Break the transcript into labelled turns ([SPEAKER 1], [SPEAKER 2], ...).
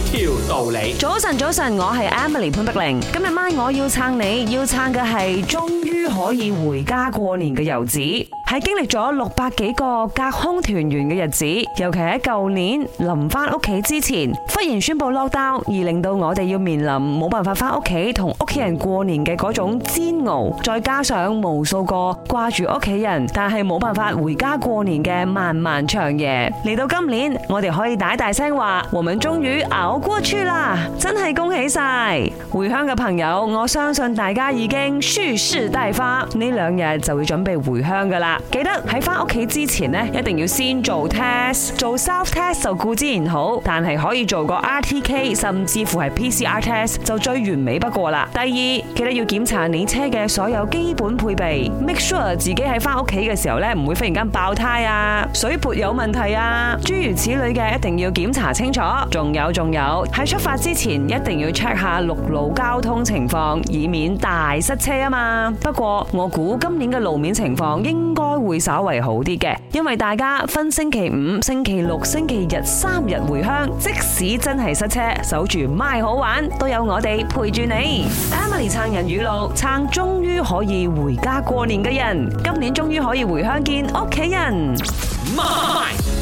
[SPEAKER 1] 條道理，早
[SPEAKER 2] 晨早晨，我係 Emily 潘德玲。今日晚我要撐你，要撐嘅係終於可以回家過年嘅遊子。喺經歷咗六百幾個隔空團圓嘅日子，尤其喺舊年臨翻屋企之前，忽然宣布 lockdown，而令到我哋要面臨冇辦法翻屋企同屋企人過年嘅嗰種煎熬，再加上無數個掛住屋企人但係冇辦法回家過年嘅漫漫長夜。嚟到今年，我哋可以大大聲話，我們終於走過去啦，真係恭喜晒回鄉嘅朋友，我相信大家已經蓄勢待發，呢兩日就會準備回鄉噶啦。記得喺翻屋企之前咧，一定要先做 test，做 self test 就固之然好，但係可以做個 RTK 甚至乎係 PCR test 就最完美不過啦。第二，記得要檢查你車嘅所有基本配備，make sure 自己喺翻屋企嘅時候咧，唔會忽然間爆胎啊、水撥有問題啊，諸如此類嘅一定要檢查清楚。仲有仲。有喺出發之前一定要 check 下陸路交通情況，以免大塞車啊嘛。不過我估今年嘅路面情況應該會稍為好啲嘅，因為大家分星期五、星期六、星期日三日回鄉，即使真係塞車，守住咪好玩都有我哋陪住你。Emily 撐人語錄，撐終於可以回家過年嘅人，今年終於可以回鄉見屋企人。